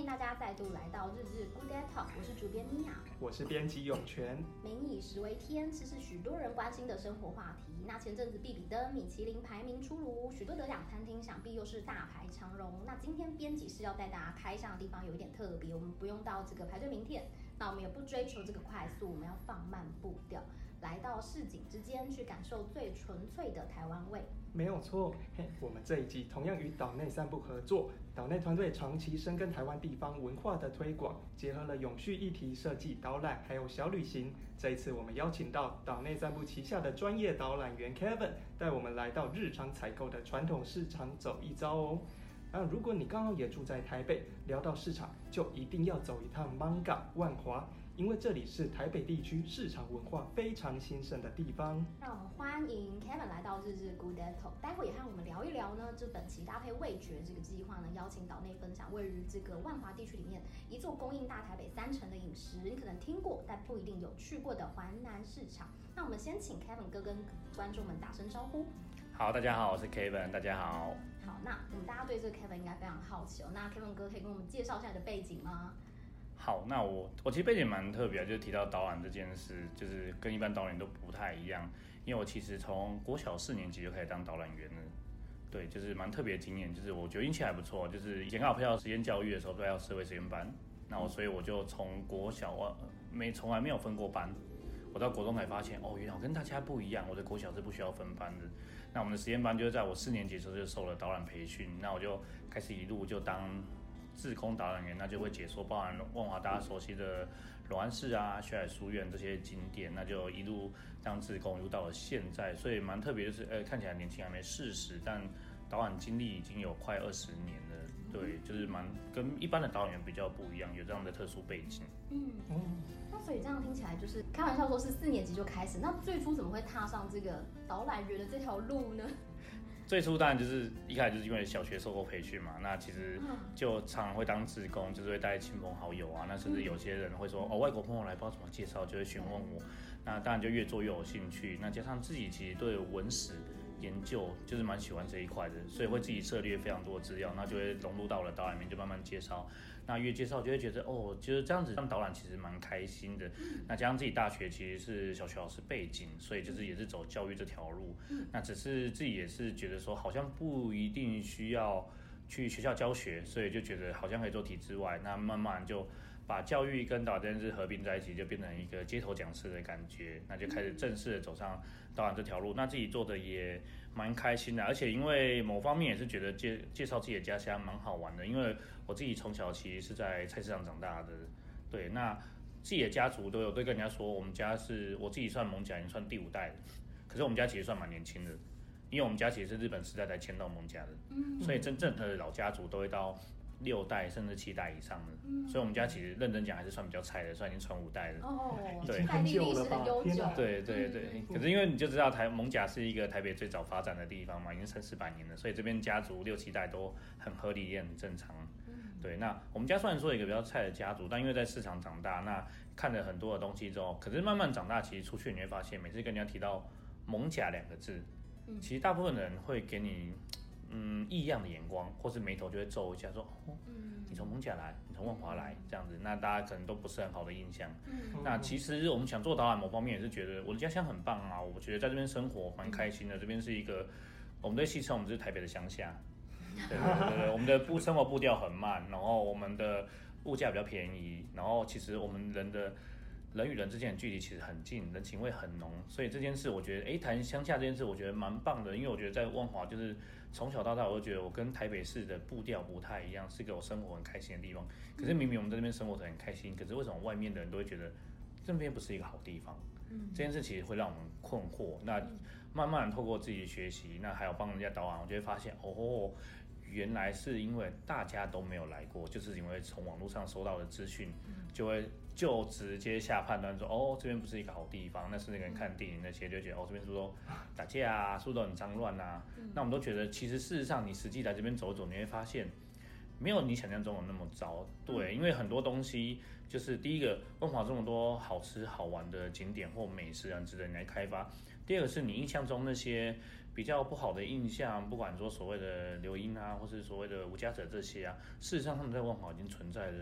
歡迎大家再度來到日日 Good Day Talk，我是主編 Miya，我是編輯湧泉。民以食為天，這是許多人關心的生活話題。那前陣子必比登米其林排名出爐，許多得獎餐廳想必又是大排長龍。那今天編輯是要帶大家開箱的地方有一點特別，我們不用到這個排隊名片，那我們也不追求這個快速，我們要放慢步調。來到市井之間，去感受最純粹的台灣味。沒有錯嘿，我們這一集同樣與島內散步合作，島內團隊長期深耕台灣地方文化的推廣，結合了永續議題設計導覽，還有小旅行。這一次，我們邀請到島內散步旗下的專業導覽員 Kevin，帶我們來到日常採購的傳統市場走一遭哦。那、啊、如果你剛好也住在台北，聊到市場，就一定要走一趟艋舺萬華。因為這裡是台北地區市場文化非常興盛的地方，那我們歡迎 Kevin 來到日日 GoodDay Talk，待會也和我們聊一聊呢。這本期搭配味覺這個計劃呢，邀請島內散步位於這個萬華地區裡面一座供應大台北三成的飲食，你可能聽過，但不一定有去過的環南市場。那我們先請 Kevin 哥跟觀眾們打聲招呼。好，大家好，我是 Kevin，大家好。好，那我們、嗯、大家對這個 Kevin 應該非常好奇哦。那 Kevin 哥可以跟我們介紹一下你的背景嗎？好，那我我其實背景蠻特別，就是提到導覽這件事，就是跟一般導演都不太一樣，因為我其實從國小四年級就可以當導覽員了，對，就是蠻特別的經驗，就是我覺得運氣還不錯，就是以前剛好碰到實驗教育的時候，都要設為實驗班，那我所以我就從國小我沒從來沒有分過班，我到國中才發現哦，原來我跟大家不一樣，我的國小是不需要分班的，那我們的實驗班就是在我四年級的時候就受了導覽培訓，那我就開始一路就當。志工導覽員，那就會解說，包含萬華大家熟悉的龍山寺啊、學海書院這些景點，那就一路這樣志工遊到了現在，所以蠻特別的就是，呃，看起來年輕還沒四十，但導覽經歷已經有快二十年了。對，就是蠻跟一般的導覽員比較不一樣，有這樣的特殊背景。嗯，哦，那所以這樣聽起來就是開玩笑說是四年級就開始，那最初怎麼會踏上這個導覽員的這條路呢？最初當然就是一開始就是因為小學受過培訓嘛，那其實就常常會當志工，就是會帶親朋好友啊。那甚至有些人會說哦，外國朋友來，不知道怎麼介紹，就會詢問我。那當然就越做越有興趣。那加上自己其實對文史研究就是蠻喜歡這一塊的，所以會自己策略非常多的資料，那就會融入到我的導覽裡面，就慢慢介紹。那越介紹就會覺得哦，就是這樣子當導覽其實蠻開心的。那加上自己大學其實是小學老師背景，所以就是也是走教育這條路。那只是自己也是覺得說，好像不一定需要去學校教學，所以就覺得好像可以做體制外，那慢慢就。把教育跟導演電視合併在一起，就變成一個街頭講師的感覺，那就開始正式的走上導演這條路。那自己做的也蠻開心的，而且因為某方面也是覺得介介紹自己的家鄉蠻好玩的。因為我自己從小其實是在菜市場長大的，對，那自己的家族都有對，跟人家說，我們家是我自己算艋舺，已經算第五代了，可是我們家其實算蠻年輕的，因為我們家其實是日本時代才遷到艋舺的，所以真正的老家族都會到。六代甚至七代以上的，嗯、所以我們家其實認真講還是算比較菜的，算已經傳五代了。哦，對，已經很久了吧？哪對對對。嗯嗯嗯，可是因為你就知道台艋舺是一個台北最早發展的地方嘛，已經三四百年了，所以這邊家族六七代都很合理也很正常。嗯、對。那我們家雖然說一個比較菜的家族，但因為在市場長大，那看了很多的東西之後，可是慢慢長大，其實出去你會發現，每次跟人家提到艋舺兩個字，其實大部分人會給你。嗯，異樣的眼光，或是眉頭就會皺一下，說：“哦、你從艋舺來，你從萬華來，這樣子，那大家可能都不是很好的印象。嗯”那其實我們想做導覽，某方面也是覺得我的家鄉很棒啊，我覺得在這邊生活蠻開心的。這邊是一個，我們的戲稱，我們是台北的鄉下，對對對， 我們的步生活步調很慢，然後我們的物價比較便宜，然後其實我們人的。人與人之間的距離其實很近，人情味很濃，所以這件事我覺得，哎、欸，談鄉下這件事，我覺得蠻棒的，因為我覺得在萬華就是從小到大，我都覺得我跟台北市的步調不太一樣，是一個我生活很開心的地方。可是明明我們在那邊生活得很開心，嗯、可是為什麼外面的人都會覺得這邊不是一個好地方？嗯、這件事其實會讓我們困惑。那慢慢透過自己的學習，那還有幫人家導覽，我就會發現哦，哦，原來是因為大家都沒有來過，就是因為從網絡上收到的資訊就會。就直接下判斷說，哦，這邊不是一個好地方。那是那個人看電影那些，就覺得哦，這邊是不是都打架啊，是不是都很髒亂啊。嗯、那我們都覺得，其實事實上，你實際來這邊走一走，你會發現沒有你想象中的那麼糟。對，嗯、因為很多東西就是第一個，萬華這麼多好吃好玩的景點或美食啊，值得你來開發。第二個是你印象中那些比較不好的印象，不管說所謂的流英啊，或是所謂的無家者這些啊，事實上他們在萬華已經存在的。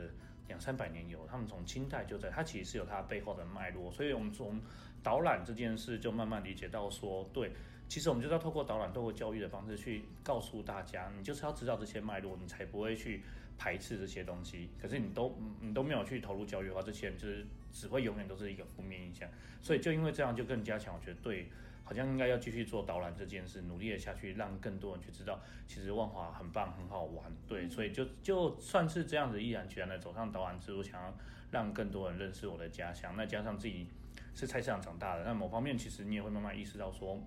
兩三百年有，他們從清代就在，它其實是有它背後的脈絡，所以我們從導覽這件事就慢慢理解到說，對，其實我們就是要透過導覽，透過教育的方式去告訴大家，你就是要知道這些脈絡，你才不會去排斥這些東西。可是你都你都沒有去投入教育的話，這些人就是只會永遠都是一個負面影響。所以就因為這樣，就更加強，我覺得對。好像應該要繼續做導覽這件事，努力的下去，讓更多人去知道，其實萬華很棒，很好玩。對，嗯、所以就就算是這樣子，毅然決然的走上導覽之路，想要讓更多人認識我的家鄉。那加上自己是菜市場長大的，那某方面其實你也會慢慢意識到說，說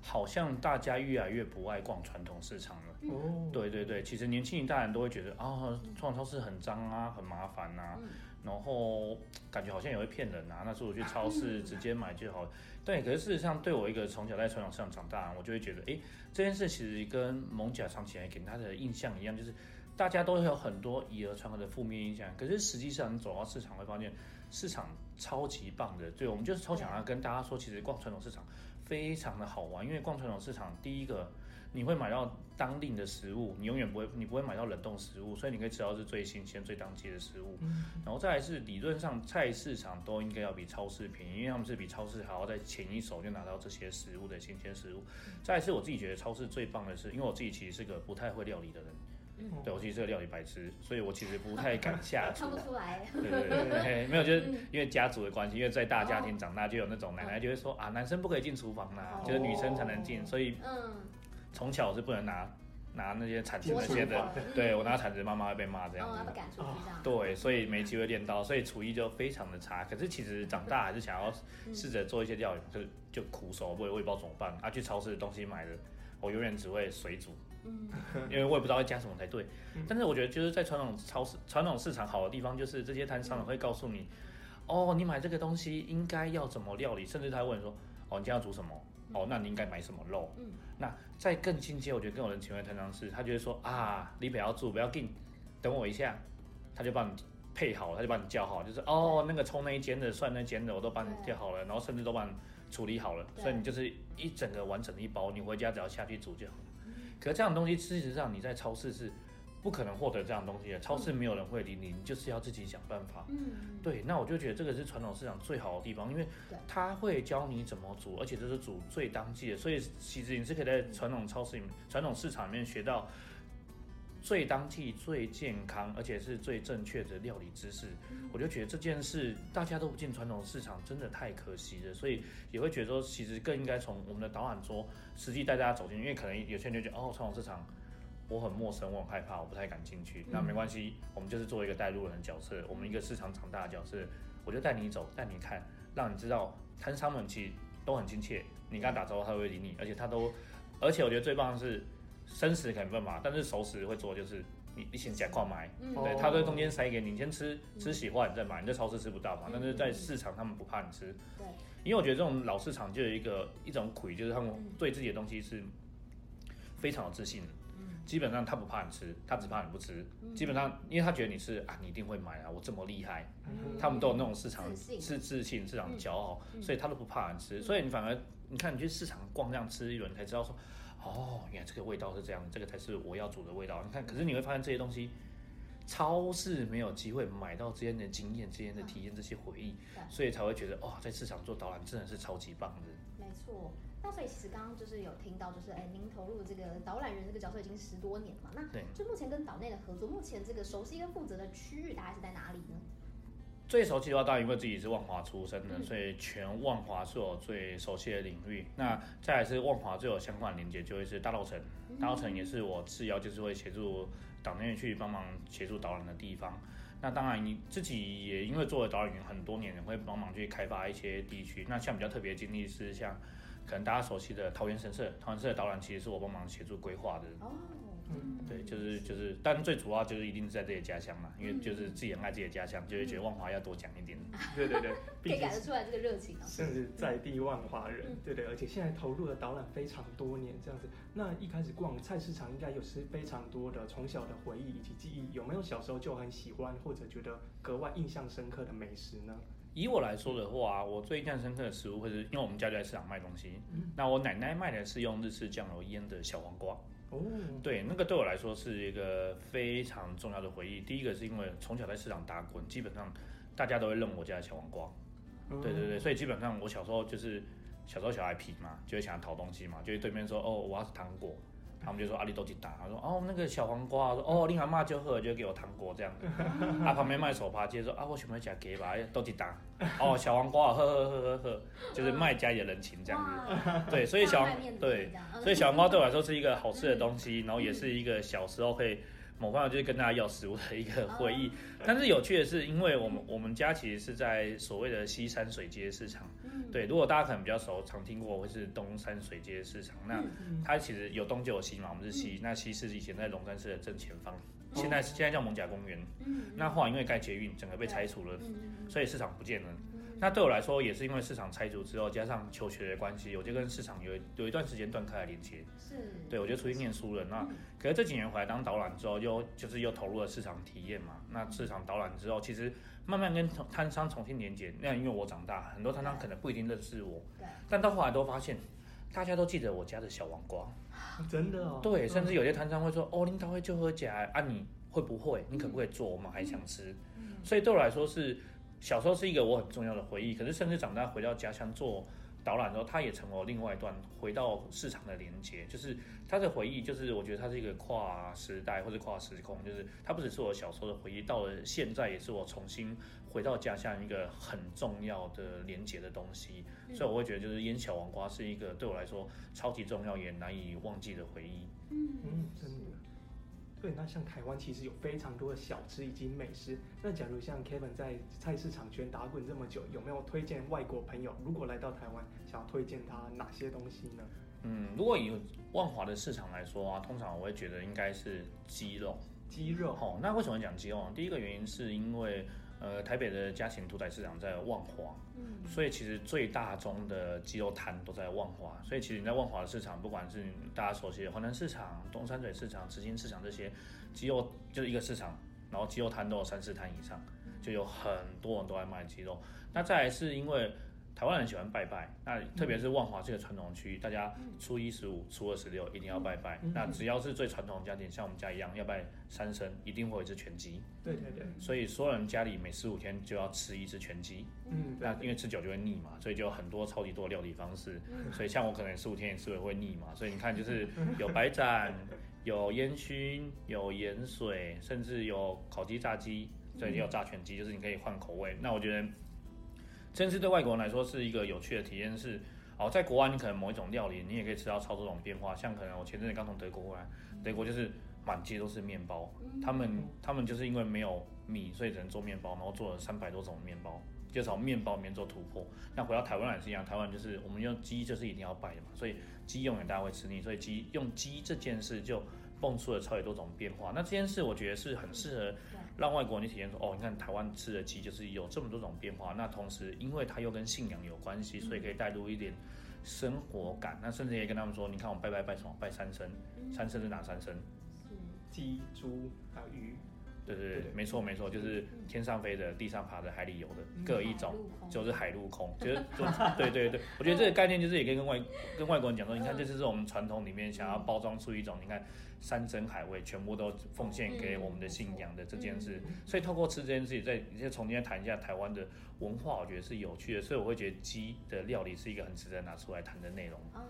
好像大家越來越不愛逛傳統市場了。哦、嗯。對對對，其實年輕人大人都會覺得啊，傳統超市很髒啊，很麻煩啊。嗯然後感覺好像也會騙人啊，那時候我去超市直接買就好了。對，可是事實上對我一個從小在傳統市場長大，我就會覺得，哎，這件事其實跟艋舺長期以來給他的印象一樣，就是大家都會有很多以訛傳訛的負面印象。可是實際上你走到市場會發現，市場超級棒的。對，我們就是超想要跟大家說，其實逛傳統市場非常的好玩，因為逛傳統市場第一個。你會買到當地的食物，你永遠不會，你不會買到冷凍食物，所以你可以吃到是最新鮮、最當季的食物。嗯、然後再來是，理論上菜市場都應該要比超市便宜，因為他們是比超市還要在前一手就拿到這些食物的新鮮食物。嗯、再來是，我自己覺得超市最棒的是，因為我自己其實是個不太會料理的人，嗯、對，我自己是個料理白痴，所以我其實不太敢下廚，不出來。 對，沒有，就是因為家族的關係，因為在大家庭長大，就有那種奶奶就會說、哦、啊，男生不可以進廚房啦、啊、哦、就是女生才能進，所以嗯。從小是不能拿拿那些鏟子那些的，我對、嗯、我拿鏟子媽媽會被罵這樣子、哦的哦，對，所以沒機會練刀，所以廚藝就非常的差。可是其實長大還是想要試着做一些料理，就、嗯、就苦手，我也不知道怎麼辦。啊，去超市的東西買的，我永遠只會水煮，嗯，因為我也不知道會加什麼才對。嗯、但是我覺得就是在傳統超市、傳統市場好的地方，就是這些攤商會告訴你，嗯、哦，你買這個東西應該要怎麼料理，甚至他會問說，哦，你今天要煮什麼？哦，那你應該買什麼肉？嗯，那在更進階，我覺得更有人情味，攤商是，他覺得說啊，你不要住，不要訂，等我一下，他就幫你配好了，他就幫你叫好，就是對哦，那個蔥那一間的蒜那一間的我都幫你叫好了，對然後甚至都幫你處理好了，對所以你就是一整個完整的一包，你回家只要下去煮就好了。嗯，可是這樣的東西，事實上你在超市是。不可能獲得這樣的東西的，超市沒有人會理你，你就是要自己想辦法。嗯，對，那我就覺得這個是傳統市場最好的地方，因為它會教你怎麼煮，而且這是煮最當季的，所以其實你是可以在傳統超市裡面、傳統市場裡面學到最當季、最健康，而且是最正確的料理知識。嗯，我就覺得這件事大家都不進傳統市場，真的太可惜了，所以也會覺得說，其實更應該從我們的導覽桌實際帶大家走進，因為可能有些人就覺得哦，傳統市場。我很陌生，我很害怕，我不太敢進去。嗯、那沒關係，我們就是做一個帶路人的角色。我們一個市場長大的角色，嗯、我就帶你走，帶你看，讓你知道攤商們其實都很親切。你跟他打招呼，他會理你，而且他都，而且我覺得最棒的是生食可能不能買嘛，但是熟食會做，就是你你先趕快買，嗯、對，他在中間塞給你，你先吃吃喜歡你再買。你在超市吃不到嘛，嗯、但是在市場、嗯、他們不怕你吃。對，因為我覺得這種老市場就有一個一種苦，就是他們對自己的東西是非常有自信的。基本上他不怕你吃，他只怕你不吃。嗯、哼基本上，因為他覺得你是啊，你一定會買啊，我這麼厲害，嗯、哼他們都有那種市場自自信，市場的驕傲，嗯、所以他都不怕你吃。嗯、所以你反而，你看你去市場逛這樣吃一輪，你才知道說，哦，原來這個味道是這樣，這個才是我要煮的味道。你看，嗯、可是你會發現這些東西，超市沒有機會買到之間的經驗、之間的體驗、好這些回憶，對所以才會覺得哦，在市場做導覽真的是超級棒的。沒錯。那所以其實剛剛就是有聽到，就是哎、欸，您投入這個導覽員這個角色已經十多年了嘛？那就目前跟島內的合作，目前這個熟悉跟負責的區域大概是在哪裡呢？最熟悉的話，當然因為自己是萬華出身的，嗯、所以全萬華是我最熟悉的領域。嗯、那再來是萬華最有相關的連接，就會是大稻埕。大稻埕也是我次要，就是會協助島內去幫忙協助導覽的地方。那當然你自己也因為作為導覽員很多年，會幫忙去開發一些地區。那像比較特別經歷是像可能大家熟悉的桃園神社，桃園社的導覽其實是我幫忙協助規劃的。哦嗯、對，就是就是，但最主要就是一定是在自己的家鄉嘛，嗯、因為就是自己很愛自己的家鄉，就會覺得萬華要多講一點。嗯、對對對，可以感受出來這個熱情甚、哦、至是在地萬華人，嗯、對,對對，而且現在投入了導覽非常多年這樣子。那一開始逛菜市場，應該有是非常多的從小的回憶以及記憶。有沒有小時候就很喜歡或者覺得格外印象深刻的美食呢？以我來說的話、啊，我最印象深刻的食物，會是因為我們家就在市場賣東西，嗯、那我奶奶賣的是用日式醬油醃的小黃瓜。嗯、對，那個對我來說是一個非常重要的回憶。第一個是因為從小在市場打滾，基本上大家都會認我家的小黃瓜。嗯、對對對，所以基本上我小時候就是小時候小孩皮嘛，就會想討東西嘛，就會對面說哦，我要吃糖果。他們就說阿里都去打，他說哦那個小黃瓜，說哦你阿媽就喝就給我糖果這樣子，他、 啊、旁邊賣手帕接，接着說啊我想要假雞吧。」都去打。哦小黃瓜喝喝喝喝喝，就是賣家的人情這樣子， 對，所以小黃對，所以小黃瓜對我來說是一個好吃的東西， 嗯、然後也是一個小時候會某方法就是跟大家要食物的一個回憶， 但是有趣的是，因為我們我們家其實是在所謂的西三水街市場。對，如果大家可能比較熟，常聽過會是東三水街市場。那它其實有東就有西嘛，我們是西。那西是以前在龍山寺的正前方，現在現在叫艋舺公園。那後來因為蓋捷運，整個被拆除了，所以市場不見了。那對我來說，也是因為市場拆除之後，加上求學的關係，我就跟市場有有一段時間斷開了連接。是，對，我就出去念書了。那可是這幾年回來當導覽之後，又就是又投入了市場體驗嘛。那市場導覽之後，其實慢慢跟攤商重新連接。那因為我長大，很多攤商可能不一定認識我，但到後來都發現，大家都記得我家的小王瓜。真的哦。對，甚至有些攤商會說：“哦，領導會就客家啊？啊你會不會？你可不可以做？我們還想吃。”所以對我來說是。小時候是一個我很重要的回憶，可是甚至長大回到家鄉做導覽之後，它也成為另外一段回到市場的連接。就是它的回憶，就是我覺得它是一個跨時代或者跨時空，就是它不只是我小時候的回憶，到了現在也是我重新回到家鄉一個很重要的連接的東西。所以我會覺得，就是醃小黃瓜是一個對我來說超級重要也難以忘記的回憶。嗯嗯，真的。對，那像台灣其實有非常多的小吃以及美食。那假如像 Kevin 在菜市場圈打滾這麼久，有沒有推薦外國朋友如果來到台灣，想要推薦他哪些東西呢？嗯，如果以萬華的市場來說啊，通常我會覺得應該是雞肉。雞肉吼、哦，那為什麼講雞肉呢？第一個原因是因為。呃，台北的家禽屠宰市場在萬華，嗯，所以其實最大宗的雞肉攤都在萬華，所以其實你在萬華的市場，不管是大家熟悉的環南市場、東三水市場、慈心市場這些雞肉，就是一個市場，然後雞肉攤都有三四攤以上，就有很多人都在賣雞肉，那再來是因為。台灣人喜歡拜拜，那特別是萬華這個傳統區，嗯、大家初一十五，初二十六一定要拜拜。嗯嗯，那只要是最傳統的家庭，像我們家一樣，要拜三牲，一定會有一隻全雞。對對對。所以所有人家裡每十五天就要吃一隻全雞。嗯，對對對，那因為吃久就會膩嘛，所以就有很多超級多料理方式。嗯、所以像我可能十五天也吃會會膩嘛，所以你看就是有白斬，嗯、有煙燻、有鹽水，甚至有烤雞、炸雞，所以也有炸全雞，就是你可以換口味。嗯、那我覺得。真是對外國人來說是一個有趣的體驗，是哦，在國外你可能某一種料理，你也可以吃到超多種變化。像可能我前陣子剛從德國回來，德國就是滿街都是面包，他們他們就是因為沒有米，所以只能做面包，然後做了三百多種麵包，就從面包裡面做突破。那回到台灣來是一樣，台灣就是我們用雞就是一定要拜嘛，所以雞用也大家會吃膩，所以雞用雞這件事就蹦出了超級多種變化。那這件事我覺得是很適合。讓外國人體驗說，哦，你看台灣吃的雞就是有這麼多種變化。那同時，因為它又跟信仰有關係，所以可以帶入一點生活感。那甚至也跟他們說，你看我們拜拜拜什麼，拜三牲，三牲是哪三牲？雞、豬還有魚。對對對，沒錯沒錯，就是天上飛的、地上爬的、海裡游的，各一種，嗯、陸就是海陸空，就是對，對對對。我覺得這個概念就是也可以跟外 跟外國人講說，你看這就是我們傳統裡面想要包裝出一種，你看。山珍海味全部都奉獻給我們的信仰的這件事，所以透過吃這件事，也在你再重新談一下台灣的文化，我覺得是有趣的。所以我會覺得雞的料理是一個很值得拿出來談的內容。哦，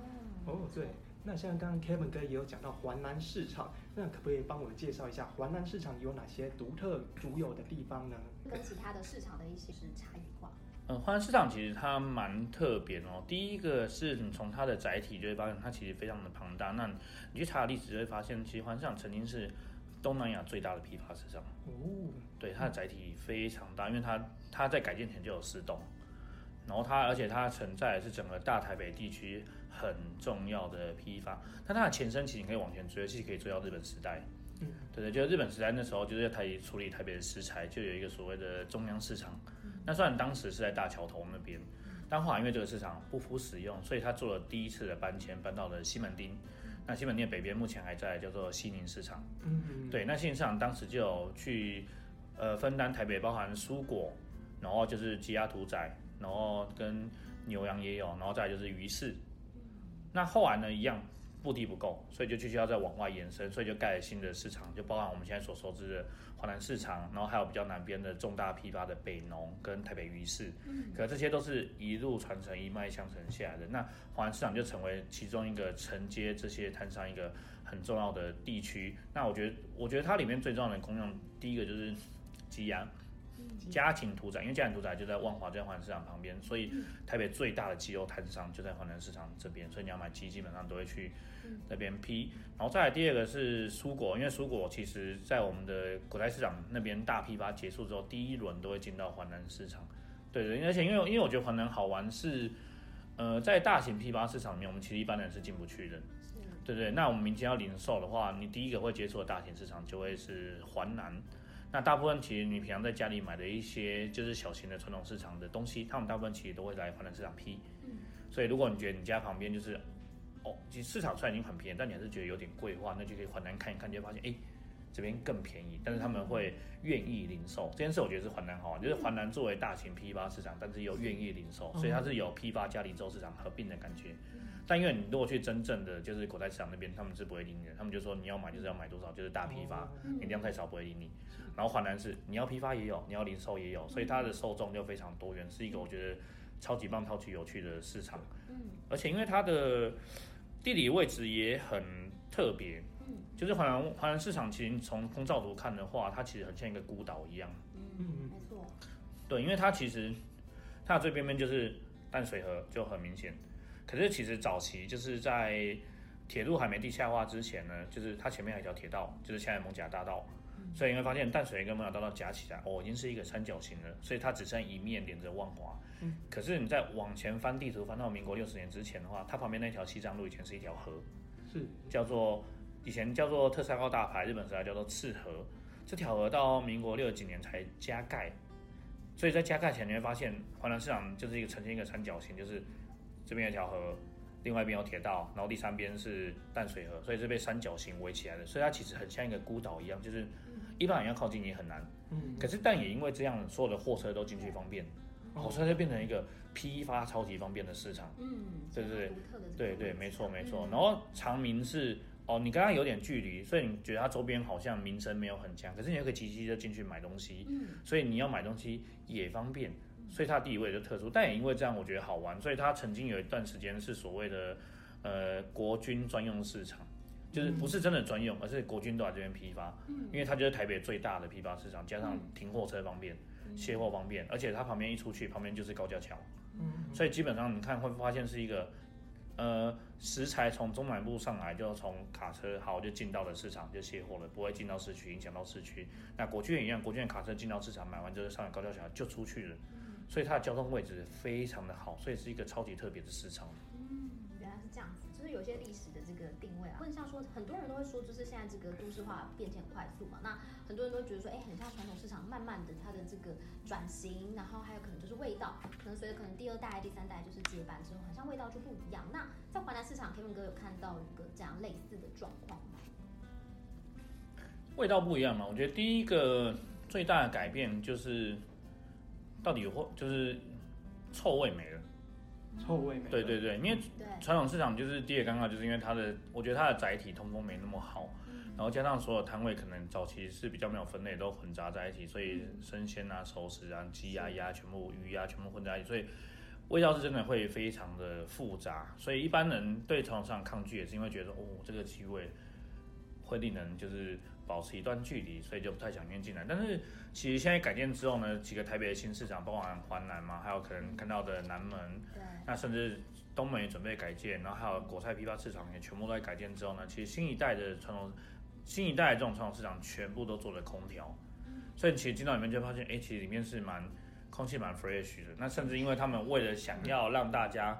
哦，對。那像剛剛 Kevin 哥也有講到環南市場，那可不可以幫我介紹一下環南市場有哪些獨特獨有的地方呢？跟其他的市場的一些是差異化。嗯，環南市場其實它蠻特別哦。第一個是你從它的載體就會發現它其實非常的龐大。那你去查歷史就會發現，其實環南市場曾經是東南亞最大的批發市場。哦，對，它的載體非常大，因為它它在改建前就有四棟，然後它而且它存在的是整個大台北地區很重要的批發。那它的前身其實你可以往前追，其實可以追到日本時代。嗯，對對，就是日本時代那時候，就是要處理台北的食材，就有一個所謂的中央市場。那雖然當時是在大橋頭那邊，但後來因為這個市場不敷使用，所以他做了第一次的搬遷，搬到了西門町。那西門町的北邊目前還在叫做西寧市場。嗯哼，對，那西寧市場當時就有去，呃，分擔台北包含蔬果，然後就是雞鴨屠宰，然後跟牛羊也有，然後再就是魚市。那後來呢，一樣。腹地不夠，所以就繼續要再往外延伸，所以就蓋了新的市場，就包含我們現在所熟知的環南市場，然後還有比較南邊的重大批發的北農跟台北魚市。嗯嗯，可這些都是一路傳承一脈相承下來的。那環南市場就成為其中一個承接這些攤商一個很重要的地區。那我覺得，我覺得它裡面最重要的功用，第一個就是積壓。家庭屠宰，因為家庭屠宰就在萬華這邊，環南市場旁邊，所以台北最大的雞肉攤商就在環南市場這邊，所以你要買雞基，基本上都會去那邊批。然後再來第二個是蔬果，因為蔬果其實在我們的果菜市場那邊大批發結束之後，第一輪都會進到環南市場。對，對對，而且因為因為我覺得環南好玩是，呃，在大型批發市場裡面，我們其實一般人是進不去的。的對，對對，那我們明天要零售的話，你第一個會接觸的大型市場就會是環南。那大部分其實你平常在家裡買的一些就是小型的傳統市場的東西，他們大部分其實都會來環南市場批。嗯、所以如果你覺得你家旁邊就是，哦，市場雖然已經很便宜，但你還是覺得有點貴的話，那就可以環南看一看，就會發現哎、欸，這邊更便宜。但是他們會願意零售這件事，我覺得是環南好、哦，就是環南作為大型批發市場，但是又願意零售，是所以它是有批發加零售市場合併的感覺。嗯但因為你如果去真正的就是口袋市場那邊，他們是不會理你的，他們就說你要買就是要買多少，就是大批發，你量太少不會理你。然後環南市，你要批發也有，你要零售也有，所以它的受眾就非常多元，是一個我覺得超級棒，超級有趣的市場。而且因為它的地理位置也很特別，就是環南環南市場其實從空照圖看的話，它其實很像一個孤島一樣。嗯嗯，沒錯。對，因為它其實它的最邊邊就是淡水河，就很明顯。可是其實早期就是在鐵路還沒地下化之前呢，就是它前面還有一條鐵道，就是現在艋舺大道，所以你會發現淡水跟艋舺大道夾起來，哦已經是一個三角形了，所以它只剩一面連着萬華。嗯。可是你再往前翻地圖，翻到民國六十年之前的話，它旁邊那條西藏路以前是一條河，是叫做以前叫做特三號大排，日本時代叫做赤河，這條河到民國六幾年才加蓋，所以在加蓋前你會發現環南市場就是一個呈現一個三角形，就是。這邊有條河，另外一邊有鐵道，然後第三邊是淡水河，所以是被三角形圍起來的，所以它其實很像一個孤島一樣，就是一般人要靠近你，很難。嗯，可是但也因為這樣，所有的貨車都進去方便，貨車、嗯哦、就變成一個批發超級方便的市場。嗯，嗯對不對？對對，嗯、沒錯沒錯。嗯、然後長明是哦，你跟它有點距離，所以你覺得它周邊好像名聲沒有很強，可是你又可以騎機車進去買東西，所以你要買東西也方便。嗯所以它的地位就特殊，但也因為這樣，我覺得好玩。所以它曾經有一段時間是所謂的，呃，國軍專用市場，就是不是真的專用，而是國軍都在這邊批發。嗯，因為它就是台北最大的批發市場，加上停貨車方便，卸貨方便，而且它旁邊一出去，旁邊就是高架橋。嗯，所以基本上你看會發現是一個，呃，食材從中南部上來就從卡車好就進到了市場就卸貨了，不會進到市區影響到市區。那國軍也一樣，國軍的卡車進到市場買完之後上來高架橋就出去了。所以它的交通位置非常的好，所以是一個超級特別的市場。嗯，原來是這樣子，就是有些歷史的這個定位啊。或者像說，很多人都會說，就是現在這個都市化變遷很快速嘛，那很多人都覺得說，哎，很像傳統市場，慢慢的它的這個轉型，然後還有可能就是味道，可能隨着可能第二代、第三代就是接班之後，好像味道就不一樣。那在環南市場，天潤哥有看到一個這樣類似的狀況嗎？味道不一樣嘛、啊？我覺得第一個最大的改變就是。到底會就是臭味沒了，臭味沒了。嗯、沒了對對對，因為對傳統市場就是第一個尷尬，就是因為它的，我覺得它的載體通風沒那麼好，然後加上所有攤位可能早期是比較沒有分類，都混雜在一起，所以生鮮啊、熟食啊、雞、啊、鴨鴨、啊、全部、魚啊，全部，魚啊全部混在一起，所以味道是真的會非常的複雜。所以一般人對傳統市場抗拒也是因為覺得，哦，這個氣味會令人就是。保持一段距離，所以就不太想進進來。但是其實現在改建之後呢，幾個台北的新市場，包括環南嘛，還有可能看到的南門，對，那甚至東門也準備改建，然後還有果菜批發市場也全部都在改建之後呢，其實新一代的傳統，新一代的這種傳統市場全部都做了空調，嗯、所以其實進到裡面就發現，哎、欸，其實裡面是蠻空氣蠻 fresh 的。那甚至因為他們為了想要讓大家。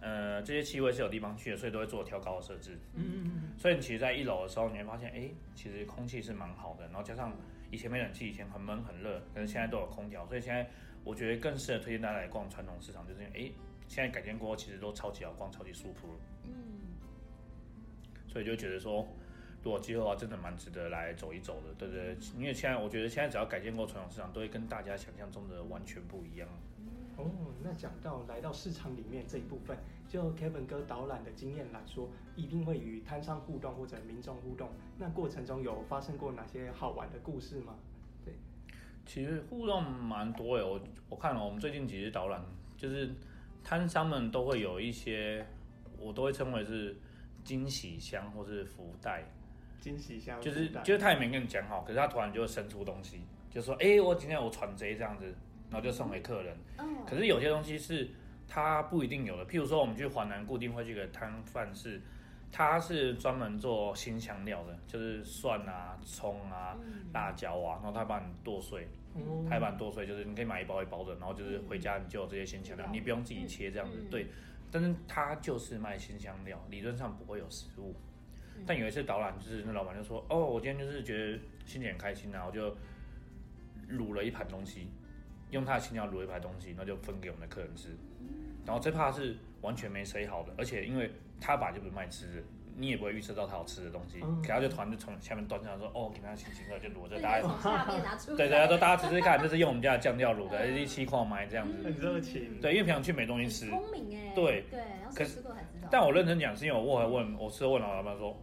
呃，這些氣味是有地方去的，所以都會做挑高的設置。嗯，嗯，所以你其實在一樓的時候，你會發現，哎、欸，其實空氣是蠻好的。然後加上以前沒冷氣，以前很悶很熱，可是現在都有空調，所以現在我覺得更適合推薦大家來逛傳統市場，就是因為哎、欸，現在改建過後其實都超級好逛，超級舒服。嗯。所以就覺得說，如果機會的、啊、話，真的蠻值得來走一走的，對不對？因為現在我覺得現在只要改建過傳統市場，都會跟大家想象中的完全不一樣。哦，oh, 那講到來到市場裡面這一部分，就 Kevin 哥導覽的經驗來說，一定會與攤商互動或者民眾互動。那過程中有發生過哪些好玩的故事嗎？對，其實互動蠻多哎，我我看了、喔、我們最近幾次導覽，就是攤商們都會有一些，我都會稱為是驚喜箱或是福袋。驚喜箱就是就是他也沒跟你講好，可是他突然就會生出東西，就說哎、欸，我今天我穿這這樣子。然後就送回客人。可是有些東西是他不一定有的，譬如說我們去環南，固定會去的個攤販，是他是專門做辛香料的，就是蒜啊、蔥啊、辣椒啊，然後他幫你剁碎，他幫你剁碎，就是你可以買一包一包的，然後就是回家你就有這些辛香料，你也不用自己切這樣子。對。但是他就是賣辛香料，理論上不會有食物。但有一次導覽就是那老闆就說：“哦，我今天就是覺得心情很開心啊，我就滷了一盤東西。”用他的青椒滷一排的東西，那就分給我們的客人吃。嗯、然後這怕是完全沒塞好的，而且因為他把就不是賣吃的，你也不會預測到他好吃的東西，然後、嗯、就突然就從下面端上來，說哦，給他請請客就滷着對大家吃哇對對，他說大家吃吃看，哇這是用我們家的醬料滷的，一七塊買這樣子。嗯、對，因為平常去沒東西吃。聰明哎。對對，要吃過才知道。對可是。但我認真講，是因為我問我還問我吃的問老板說，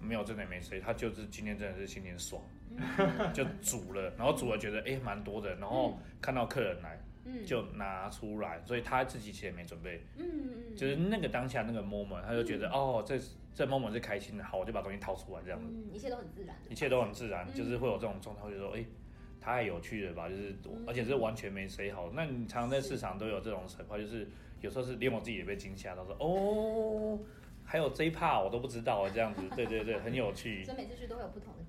沒有真的沒塞，他就是今天真的是心情爽。就煮了，然後煮了覺得哎，蠻多的，然後看到客人來，就拿出來，所以他自己其實也沒準備，嗯嗯，就是那個當下那個 moment，他就覺得哦，這這 moment 是開心的，好，我就把東西掏出來這樣子，一切都很自然，一切都很自然，就是會有這種狀態，就說哎，太有趣了吧，就是而且是完全沒 say 好，那你常常在市場都有這種情況，就是有時候是連我自己也被驚嚇到，說哦，還有這 part 我都不知道啊，這樣子，對對對，很有趣，所以每次去都會有不同的。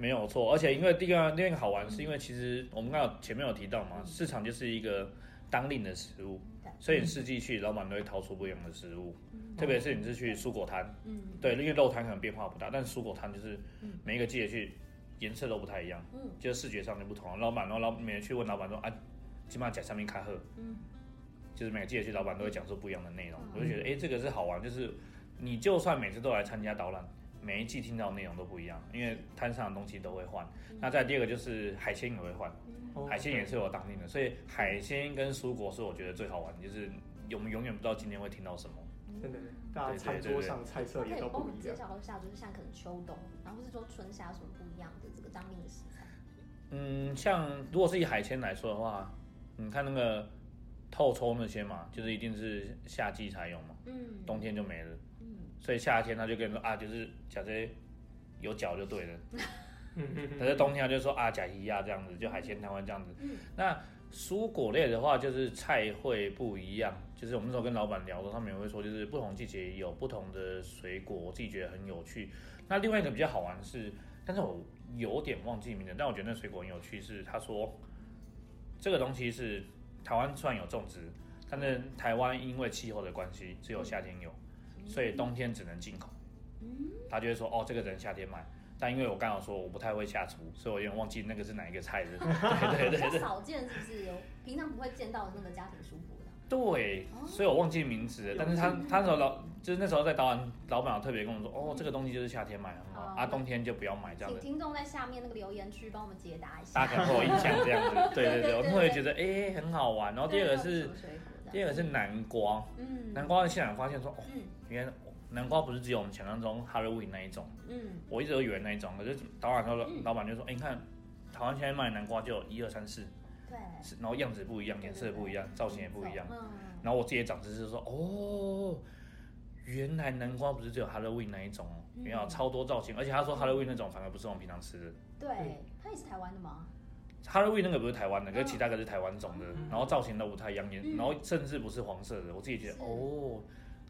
沒有錯，而且因為第二個，嗯、另一個好玩是因為其實我們剛好前面有提到嘛，市場就是一個當令的食物，嗯、所以你四季去老闆都會掏出不一樣的食物，嗯、特別是你是去蔬果攤，嗯、對，嗯、因為肉攤可能變化不大，但是蔬果攤就是每一個季節去、嗯、顏色都不太一樣，嗯、就是視覺上就不同了，老闆然後老，每次去問老闆說啊，基本上在上面卡貨，嗯、就是每個季節去老闆都會講出不一樣的內容，我、嗯、就覺得哎，這個是好玩，就是你就算每次都來參加導覽。每一季聽到的內容都不一樣，因為攤上的東西都會換。嗯、那再第二個就是海鮮也會換，嗯、海鮮也是有當地的，所以海鮮跟蔬果是我覺得最好玩的，就是我們永永遠不知道今天會聽到什麼。真的、嗯，大家餐桌上菜色也都不一樣。可以幫我們介紹一下，就是現在可能秋冬，然後是說春夏有什麼不一樣的這個當地的食材？嗯，像如果是以海鮮來說的話，你看那個透抽那些嘛，就是一定是夏季才有嘛，冬天就沒了。所以夏天他就跟你說啊，就是講這些，有腳就對了。嗯嗯。可是冬天他就說啊，甲魚呀這樣子，就海鮮台灣這樣子。那蔬果類的話，就是菜會不一樣。就是我們那時候跟老板聊的時候，他們也會說，就是不同季節有不同的水果，我自己覺得很有趣。那另外一個比較好玩是，但是我有點忘記名字，但我覺得那水果很有趣是，是他說這個東西是台灣雖然有種植，但是台灣因為氣候的關係，只有夏天有。所以冬天只能進口。他就會說哦，這個人夏天買，但因為我剛好說我不太會下廚，所以我有點忘記那個是哪一個菜了。對對對，少見是不是？平常不會見到那個家庭蔬果。對，所以我忘記名字。但是他他那時候老就是那時候在導覽老板老特別跟我說哦，這個東西就是夏天買，啊冬天就不要買這樣子。聽眾在下面那個留言區幫我們解答一下。大家跟我印象這樣子，對對對，我就會覺得哎很好玩。然後第二個是。第二個是南瓜，南瓜的現場發現說哦，原來南瓜不是只有我們想象中 Halloween 那一種，嗯，我一直都以為那一種，可是導覽的時候老闆就說，哎你看，台灣現在賣南瓜就有一二三四，對，然後樣子不一樣，顏色不一樣，造型也不一樣，嗯，然後我自己也長知識說，哦，原來南瓜不是只有 Halloween 那一種，因為有超多造型，而且他說 Halloween 那種反而不是我們平常吃的，對，他也是台灣的嗎？哈瑞威那個不是台灣的，跟其他個是台灣種的，然後造型都不太一樣，然後甚至不是黃色的。我自己覺得哦，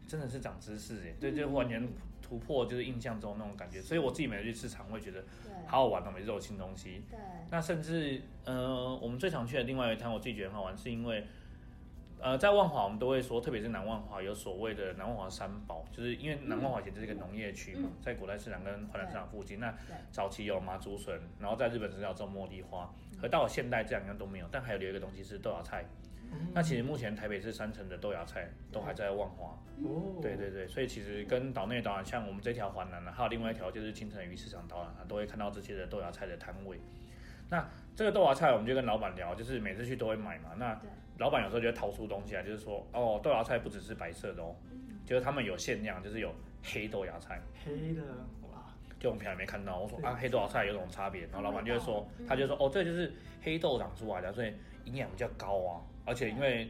真的是長知識耶，對，就完全突破，就是印象中那種感覺。所以我自己每次去市場會覺得好好玩，每次都有新東西。那甚至呃，我們最常去的另外一攤，我自己覺得很好玩是因為呃，在萬華我們都會說，特別是南萬華有所謂的南萬華三寶，就是因為南萬華以前就是一個農業區嘛，在古代市場跟環南市場附近。那早期有麻竹筍，然後在日本是要種茉莉花。而到了現代，這兩樣都沒有，但還有留一個東西是豆芽菜。嗯、那其實目前台北市三層的豆芽菜都還在萬華。哦對。對對對，所以其實跟島內導覽，像我們這條環南呢，還有另外一條就是清晨魚市場導覽，都會看到這些的豆芽菜的攤位。那這個豆芽菜，我們就跟老板聊，就是每次去都會買嘛。那老板有時候就會掏出東西來，啊，就是說，哦，豆芽菜不只是白色的哦，就是他們有限量，就是有黑豆芽菜。黑的哇。就我們平常沒看到，我說啊，黑豆炒菜有種差別。然後老闆就說，他就說哦，這就是黑豆長出來的，所以營養比較高啊。而且因為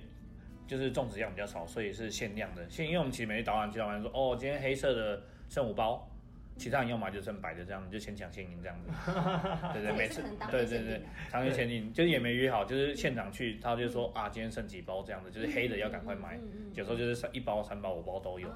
就是種植量比較少，所以是限量的。限因為我們其實每天導覽，其他老闆說哦，今天黑色的剩五包，其他人要買就剩白的，這樣子就先搶先贏這樣子。對對，每次對對對，搶先贏就是也沒約好，就是現場去，他就說啊，今天剩幾包這樣子，就是黑的要趕快買。有時候就是剩一包、三包、五包都有。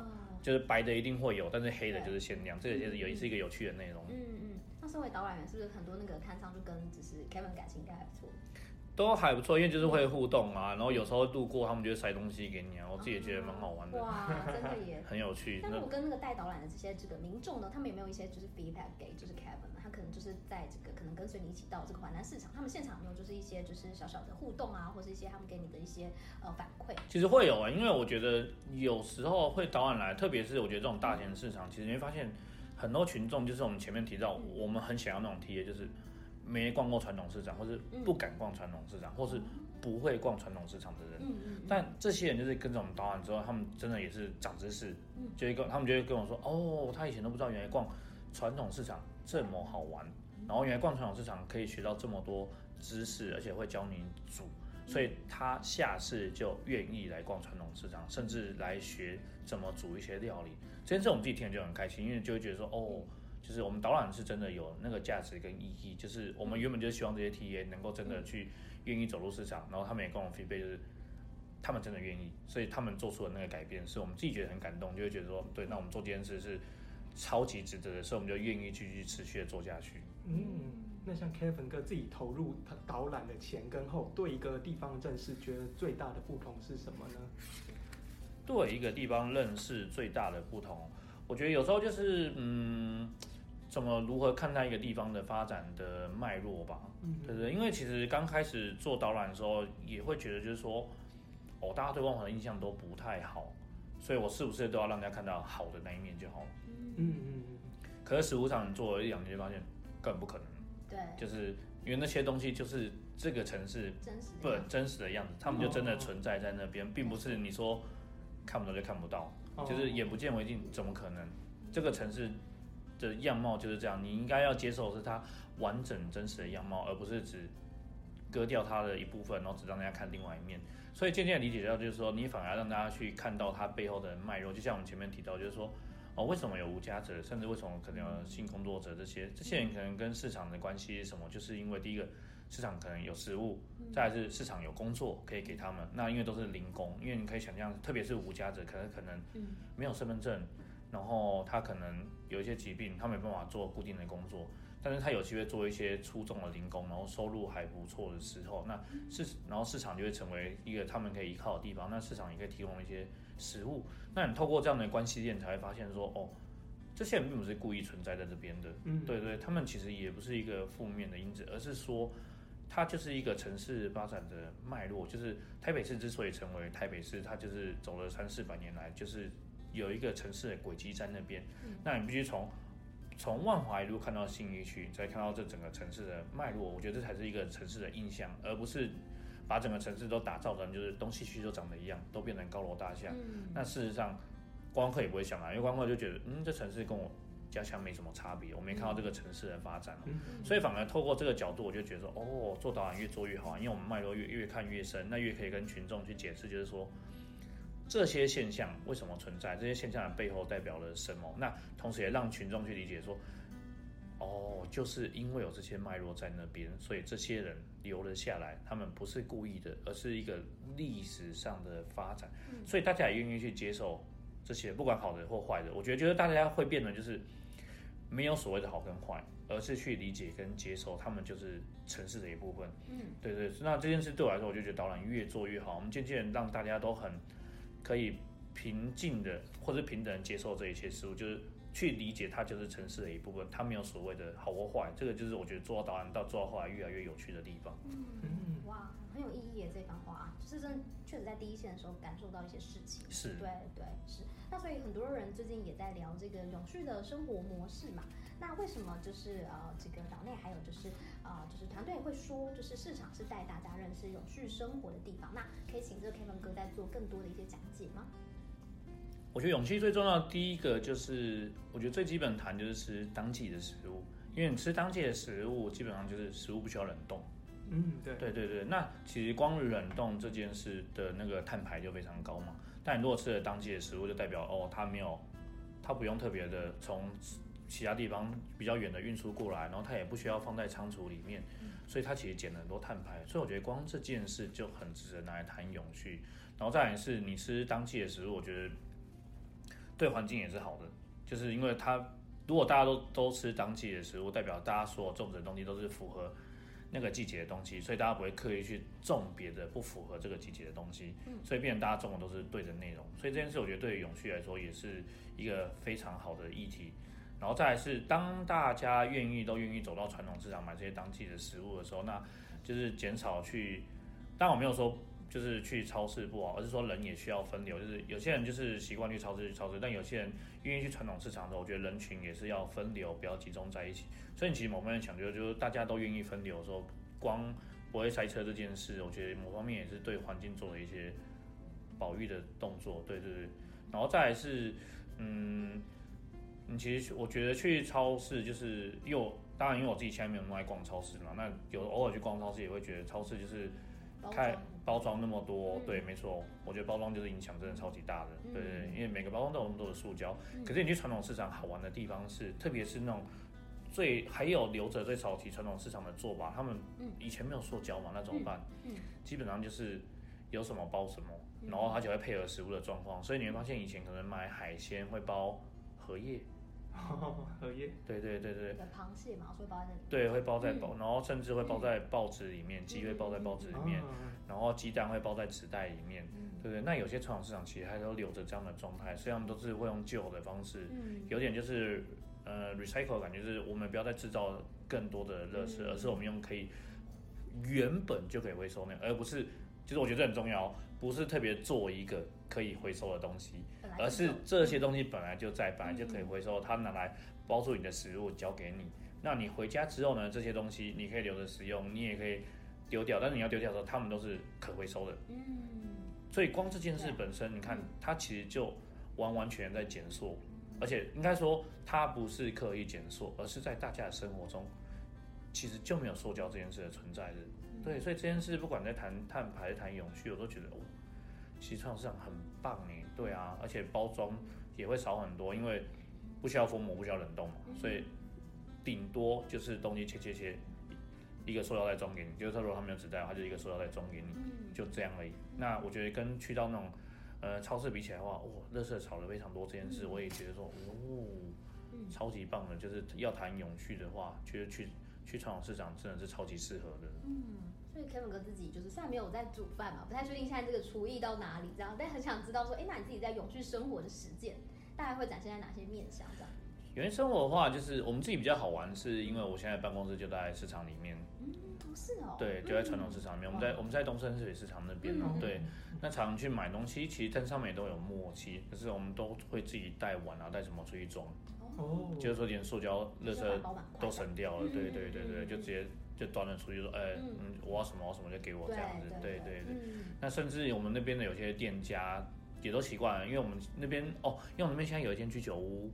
就是白的一定會有，但是黑的就是限量，嗯、這個其實也是一個有趣的內容。嗯嗯，那、嗯嗯嗯、身為導覽員，是不是很多那個攤商就跟只是 Kevin 感情應該還不錯？都還不錯，因為就是會互動啊，嗯、然後有時候路過他們就會塞東西給你啊，嗯、我自己也覺得蠻好玩的。哇，真的也 很有趣。但是我跟那個帶導覽的這些這個民眾呢，他們有沒有一些就是 feedback 給就是 Kevin？他可能就是在這個可能跟隨你一起到這個環南市場，他們現場有沒有就是一些就是小小的互動啊，或者是一些他們給你的一些呃反饋？其實會有啊、欸，因為我覺得有時候會導覽來，特別是我覺得這種大型的市場，嗯、其實你會發現很多群眾就是我們前面提到，我們很想要那種體就是。沒逛過傳統市場，或是不敢逛傳統市場，或是不會逛傳統市場的人，但這些人就是跟着我們導覽之後，他們真的也是長知識，就會跟他們就會跟我說，哦，他以前都不知道原來逛傳統市場這麼好玩，然後原來逛傳統市場可以學到這麼多知識，而且會教你煮，所以他下次就願意來逛傳統市場，甚至來學怎麼煮一些料理。所以這種第一天就很開心，因為就會覺得說，哦。就是我們導覽是真的有那個價值跟意義，就是我們原本就是希望這些 T A 能夠真的去願意走入市場，然後他們也跟我們 feedback，就是他們真的願意，所以他們做出了那個改變，所以我們自己覺得很感動，就會覺得說，對，那我們做這件事是超級值得的，所以我們就願意去去持續的做下去。嗯，那像 Kevin 哥自己投入他導覽的前跟後，對一個地方的認識覺得最大的不同是什麼呢？對一個地方認識最大的不同，我覺得有時候就是嗯。怎麼如何看待一個地方的發展的脈絡吧？嗯哼，對不對？因為其實剛開始做導覽的時候，也會覺得就是說，哦，大家對萬華的印象都不太好，所以我是不是都要讓大家看到好的那一面就好了？嗯嗯，嗯可是實務上你做了一兩年，發現根本不可能。對。就是因為那些東西就是這個城市真實不真實的樣子，他們就真的存在在那邊，哦、並不是你說看不到就看不到，哦、就是眼不見為淨，怎麼可能？嗯、這個城市。的樣貌就是這樣，你應該要接受是它完整真實的樣貌，而不是只割掉它的一部分，然後只讓大家看另外一面。所以漸漸理解到，就是說你反而要讓大家去看到它背後的脈絡。就像我們前面提到，就是說哦，為什麼有無家者，甚至為什麼可能有性工作者這些，這些人可能跟市場的關係是什麼，就是因為第一個市場可能有食物，再來是市場有工作可以給他們。那因為都是零工，因為你可以想象，特別是無家者，可能可能沒有身份證。然後他可能有一些疾病，他沒辦法做固定的工作，但是他有機會做一些粗重的零工，然後收入還不錯的時候，那市然後市場就會成為一個他們可以依靠的地方，那市場也可以提供一些食物。那你透過這樣的關係鏈，才會發現說，哦，這些人並不是故意存在在這邊的，嗯，對對，他們其實也不是一個負面的因子，而是說，它就是一個城市發展的脈絡，就是台北市之所以成為台北市，它就是走了三四百年來，就是。有一個城市的軌跡在那邊，嗯、那你必須從從萬華一路看到信義區，再看到這整個城市的脈絡。我覺得這才是一個城市的印象，而不是把整個城市都打造成就是東西區都長得一樣，都變成高樓大廈。嗯、那事實上，觀光客也不會想來，因為觀光客就覺得，嗯，這城市跟我家鄉沒什麼差別，我沒看到這個城市的發展，嗯、所以反而透過這個角度，我就覺得說，哦，做導演越做越好，因為我們脈絡越越看越深，那越可以跟群眾去解釋，就是說。這些現象為什麼存在？這些現象的背後代表了什麼？那同時，也讓群眾去理解說，哦，就是因為有這些脈絡在那邊，所以這些人留了下來。他們不是故意的，而是一個歷史上的發展。嗯，所以大家也願意去接受這些，不管好的或壞的。我覺得，覺得大家會變得就是沒有所謂的好跟壞，而是去理解跟接受，他們就是城市的一部分。嗯，對，對對。那這件事對我來說，我就覺得導覽越做越好，我們漸漸讓大家都很。可以平靜的或者平等的接受這一切事物，就是去理解它，就是城市的一部分，它沒有所謂的好或壞。這個就是我覺得做導覽到做到後來越來越有趣的地方。嗯，哇。很有意義的這番話啊，就是真的確實在第一線的時候感受到一些事情。是，是，對對是。那所以很多人最近也在聊這個永續的生活模式嘛。那為什麼就是呃這個島內還有就是呃就是團隊也會說就是市場是帶大家認識永續生活的地方？那可以請這個 Kevin 哥再做更多的一些講解嗎？我覺得永續最重要的第一個就是，我覺得最基本談就是吃當季的食物，因為你吃當季的食物，基本上就是食物不需要冷凍。嗯，對對對對，那其實光冷凍這件事的那個碳排就非常高嘛。但你如果吃了當季的食物，就代表哦，它沒有，它不用特別的從其他地方比較遠的運輸過來，然後它也不需要放在倉儲裡面，所以它其實減了很多碳排。所以我覺得光這件事就很值得拿來談永續。然後再來是，你吃當季的食物，我覺得對環境也是好的，就是因為它如果大家都都吃當季的食物，代表大家所有種植的東西都是符合。那個季節的東西，所以大家不會刻意去種別的不符合這個季節的東西，所以變成大家種的都是對的內容。所以這件事，我覺得對於永續來說也是一個非常好的議題。然後再來是，當大家願意都願意走到傳統市場買這些當季的食物的時候，那就是減少去。但我沒有說。就是去超市不好，而是說人也需要分流。就是有些人就是習慣去超市去超市，但有些人願意去傳統市場的時候，我覺得人群也是要分流，不要集中在一起。所以你其實某方面講，就就是大家都願意分流說光不會塞車這件事，我覺得某方面也是對環境做了一些保育的動作。對對對，然後再來是嗯，你其實我覺得去超市就是，因為我當然因為我自己現在沒有那麼愛逛超市嘛。那有偶爾去逛超市也會覺得超市就是。看包裝那麼多，嗯、對，沒錯，我覺得包裝就是影響真的超級大的，嗯、對，因為每個包裝都有那麼多的塑膠。嗯、可是你去傳統市場好玩的地方是，特別是那種最還有留着最早期傳統市場的做法，他們以前沒有塑膠嘛，嗯、那怎麼辦？嗯嗯、基本上就是有什麼包什麼，然後他就會配合食物的狀況，嗯、所以你會發現以前可能買海鮮會包荷葉。荷葉，Oh, yeah. 對對對對螃蟹嘛，所以包在那裡。對，會包在包，嗯、然後甚至會包在報紙裡面，雞、嗯、會包在報紙裡面，嗯、然後雞蛋會包在紙袋裡面，嗯、對不對，對？那有些傳統市場其實還都留着這樣的狀態，雖然我們都是會用舊的方式，有點就是呃 recycle 感覺就是，我們不要再製造更多的垃圾，嗯、而是我們用可以原本就可以回收那個，而不是，其、就、實、是、我覺得這很重要、哦。不是特別做一個可以回收的東西，是而是這些東西本來就在，嗯嗯嗯，本來就可以回收。他拿來包住你的食物交給你，那你回家之後呢？這些東西你可以留着食用，你也可以丟掉。但是你要丟掉的時候，它們都是可回收的。所以光這件事本身，對你看它其實就完完全在減塑，而且應該說它不是刻意減塑，而是在大家的生活中，其實就沒有塑膠這件事的存在的對，所以這件事不管在談碳排還是談永續，我都覺得哦，其實傳統市場很棒哎。對啊，而且包裝也會少很多，因為不需要封膜，不需要冷凍嘛，所以頂多就是東西切切切，一個塑料袋裝給你。就是說如果他沒有紙袋，他就一個塑料袋裝給你，就這樣而已。那我覺得跟去到那種、呃、超市比起來的話，哇、哦，垃圾少了非常多。這件事我也覺得說，哦，超級棒的。就是要談永續的話，其實去去傳統市場真的是超級適合的。嗯。因為 Kevin 哥自己就是雖然沒有在煮飯嘛，不太確定現在這個廚藝到哪裡這樣，但很想知道說，哎、欸，那你自己在永續生活的實踐，大概會展現在哪些面上這樣？永續生活的話，就是我們自己比較好玩，是因為我現在辦公室就在市場裡面，嗯，是哦，對，就在傳統市場裡面，我們在我們在東三水市場那邊啊、喔，嗯、哼對，那常常去買東西，其實跟上面也都有默契，可是我們都會自己帶碗啊，帶什麼出去裝，哦，就是說連塑膠、熱食都省掉了，對、嗯、哼對對對，就直接。就端了出去說，嗯，我要什麼，我什麼就給我這樣子，對對對。那甚至我們那邊的有些店家也都習慣了，因為我們那邊哦，因為我們那邊現在有一間居酒屋，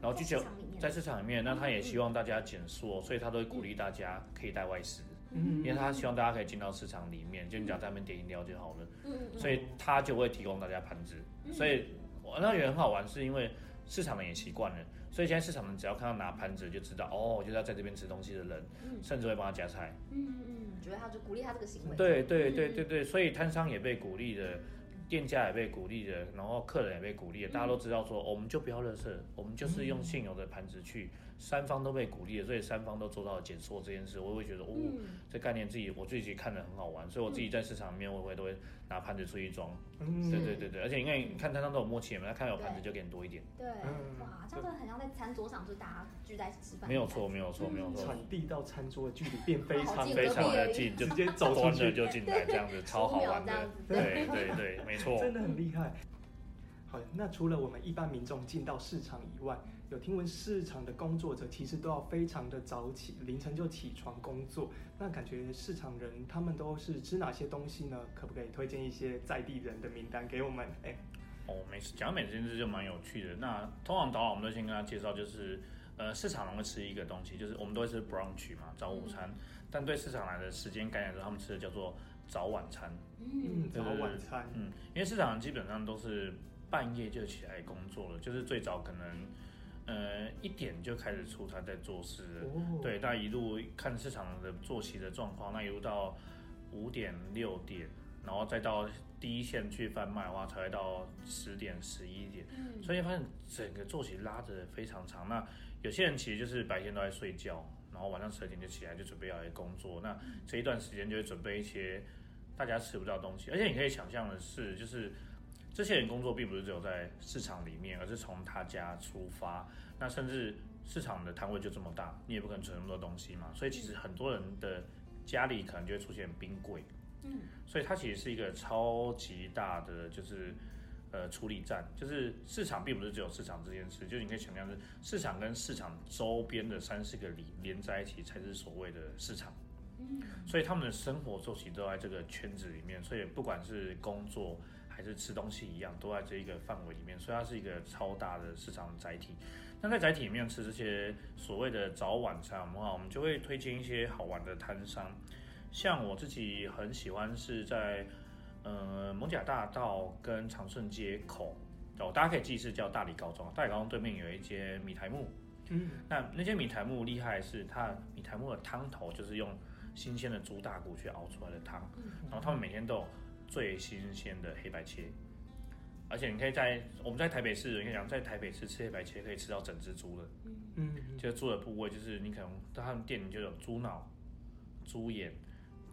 然後居酒在市場裡面，那他也希望大家減塑，所以他都會鼓勵大家可以帶外食，嗯，因為他希望大家可以進到市場裡面，就你只要在那邊點飲料就好了，嗯，所以他就會提供大家盤子，所以我那也很好玩，是因為市場也習慣了。所以現在市場們只要看到拿盤子就知道，哦，就是要在這邊吃東西的人，嗯、甚至會幫他夾菜。嗯嗯，覺得他就鼓勵他這個行為。對對對對對，對，所以攤商也被鼓勵的，店家也被鼓勵的，然後客人也被鼓勵。大家都知道說、嗯哦，我們就不要垃圾，我們就是用現有的盤子去。嗯三方都被鼓勵了，所以三方都做到減塑這件事，我會覺得哦，這概念自己我自己看着很好玩，所以我自己在市場裡面我會都會拿盤子出去裝，對對對對，而且你看你看攤商都有默契嘛，他看到有盤子就給你多一點，對，哇，這樣子很像在餐桌上，就大家聚在一起吃飯，沒有錯沒有錯沒有錯，產地到餐桌的距離變非常非常的近，就直接走出去就進來這樣子，超好玩的。對對對，沒錯，真的很厲害。好，那除了我們一般民眾進到市場以外，有聽聞市場的工作者其實都要非常的早起，凌晨就起床工作。那感覺市場人他們都是吃哪些東西呢？可不可以推薦一些在地人的名單給我們？哎，哦，沒事，講美食其實就蠻有趣的。那通常導覽我們都先跟他介紹，就是呃市場人會吃一個東西，就是我們都會吃 brunch 嘛，早午餐。嗯、但對市場來的時間概念他們吃的叫做早晚餐。嗯，就是、嗯，早晚餐。嗯，因為市場基本上都是。半夜就起來工作了，就是最早可能，呃一點就開始出差在做事了，哦、對，那一路看市場的作息的狀況，那一路到五點六點，然後再到第一線去販賣的話，才會到十點十一點，所以發現整個作息拉得非常長。那有些人其實就是白天都在睡覺，然後晚上十點就起來就準備要來工作，那這一段時間就會準備一些大家吃不到東西，而且你可以想象的是，就是。這些人工作並不是只有在市場裡面，而是從他家出發。那甚至市場的攤位就這麼大，你也不可能存那麼多東西嘛。所以其實很多人的家裡可能就會出現冰櫃。嗯，所以它其實是一個超級大的，就是呃處理站，就是市場並不是只有市場這件事，就你可以想象是市場跟市場周邊的三四個里連在一起才是所謂的市場。嗯，所以他們的生活作息都在這個圈子裡面，所以不管是工作。還是吃東西一樣，都在這一個範圍裡面，所以它是一個超大的市場載體。那在載體裡面吃這些所謂的早晚餐的話，我們就會推薦一些好玩的攤商。像我自己很喜歡是在，呃，艋舺大道跟長順街口，大家可以記是叫大理高中，大理高中對面有一間米苔目，嗯，那那間米苔目厲害是它米苔目的湯頭就是用新鮮的豬大骨去熬出來的湯，嗯、哼然後他們每天都有。最新鮮的黑白切，而且你可以在我們在台北市，你可以講在台北市吃吃黑白切，可以吃到整隻豬的，嗯，就豬的部位就是你可能在他們店裡就有豬腦、豬眼、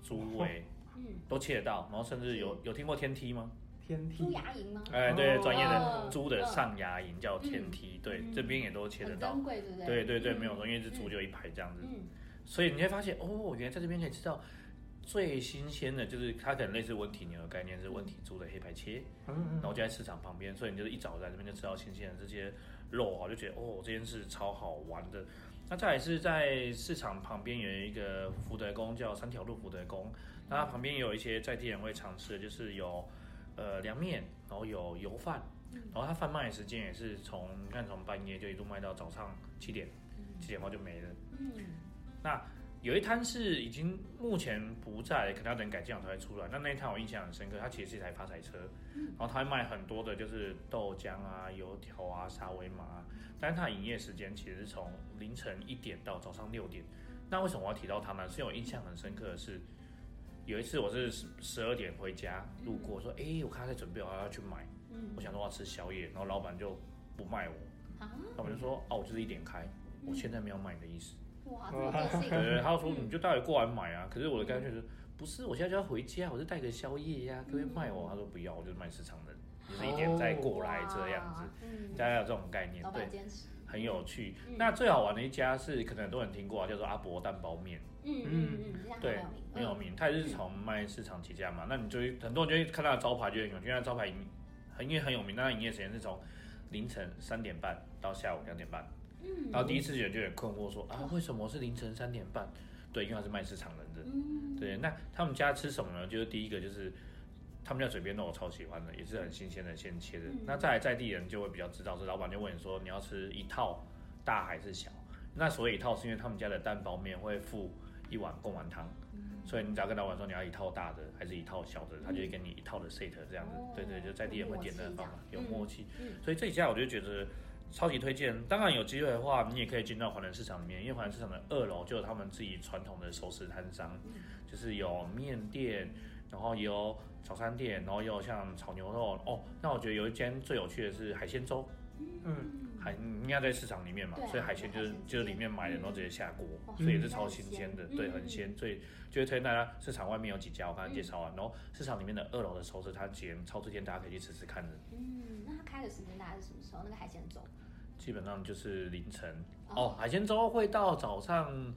豬胃，嗯，都切得到。然後甚至有是有聽過天梯嗎？天梯牙齦嗎？哎、嗯，對，專業的豬的上牙齦叫天梯，嗯、對，嗯、這邊也都切得到，很珍貴，對不對？對，對沒有錯，因為是豬就一排這樣子，嗯、所以你會發現哦，原來在這邊可以吃到。最新鮮的就是它可能類似溫體牛的概念，是溫體豬的黑白切，嗯嗯，然後就在市場旁邊，所以你就是一早在這邊就知道，新鮮的這些肉哦，就覺得哦，這件事超好玩的。那再來是在市場旁邊有一個福德宮，叫三條路福德宮，那它旁邊有一些在地人會常吃的，就是有呃涼麵，然後有油飯，然後它販賣的時間也是從你看從半夜就一路賣到早上七點，七點後就沒了。嗯，那。有一攤是已經目前不在，可能要等改建好才會出來。那那一攤我印象很深刻，它其實是一台發財車，然後它賣很多的，就是豆漿啊、油條啊、沙威瑪啊。但是它營業時間其實是從凌晨一點到早上六點。嗯、那為什麼我要提到它呢？是因為我印象很深刻的是，有一次我是十二點回家路過，嗯、說，哎、欸，我看他在準備，我要去買。嗯、我想說我要吃宵夜，然後老板就不賣我，老板、嗯、就說，哦、啊，我就是一點開，嗯、我現在沒有賣你的意思。對，他說你就待會過來買啊。可是我的感覺是不是，我現在就要回家，我就帶個宵夜呀，可以賣我。他說不要，我就是賣市場的，就是一點再過來這樣子。大家有這種概念，對，很有趣。那最好玩的一家是，可能很多人聽過，叫做阿伯蛋包面。嗯嗯對，很有名，他也是從賣市場起家嘛。那你就很多人就會看到招牌，就很有，因為他招牌很因為很有名。那他營業時間是從凌晨三點半到下午兩點半。然後第一次去就有點困惑，說，說啊，為什麼是凌晨三點半？對，因為他是賣市場人的。對，那他們家吃什麼呢？就是第一個就是他們家嘴邊肉我超喜歡的，也是很新鮮的，現切的。嗯、那在在地人就會比較知道，是老板就問你說，你要吃一套大還是小？那所以一套是因為他們家的蛋包面會附一碗貢丸湯，嗯、所以你只要跟老板說，你要一套大的還是一套小的，他就會給你一套的 set 這樣子。哦、對對，就在地人會點的方法有默契，嗯、所以這一家我就覺得。超級推薦！當然有機會的話，你也可以進到環南市場裡面，因為環南市場的二樓就有他們自己傳統的熟食攤商，嗯、就是有麵店，然後有早餐店，然後有像炒牛肉哦。那我覺得有一間最有趣的是海鮮粥，嗯，嗯，海應該在市場裡面嘛，對所以海鮮就是就是裡面買的，然後直接下鍋，嗯、所以也是超新鮮的，嗯、對，很鮮。所以就會推薦大家，市場外面有幾家我剛剛介紹完，嗯、然後市場裡面的二樓的熟食攤，幾超推薦大家可以去吃吃看的，嗯開的時間大概是什麼時候？那個海鮮粥基本上就是凌晨。Oh. 哦，海鮮粥會到早上。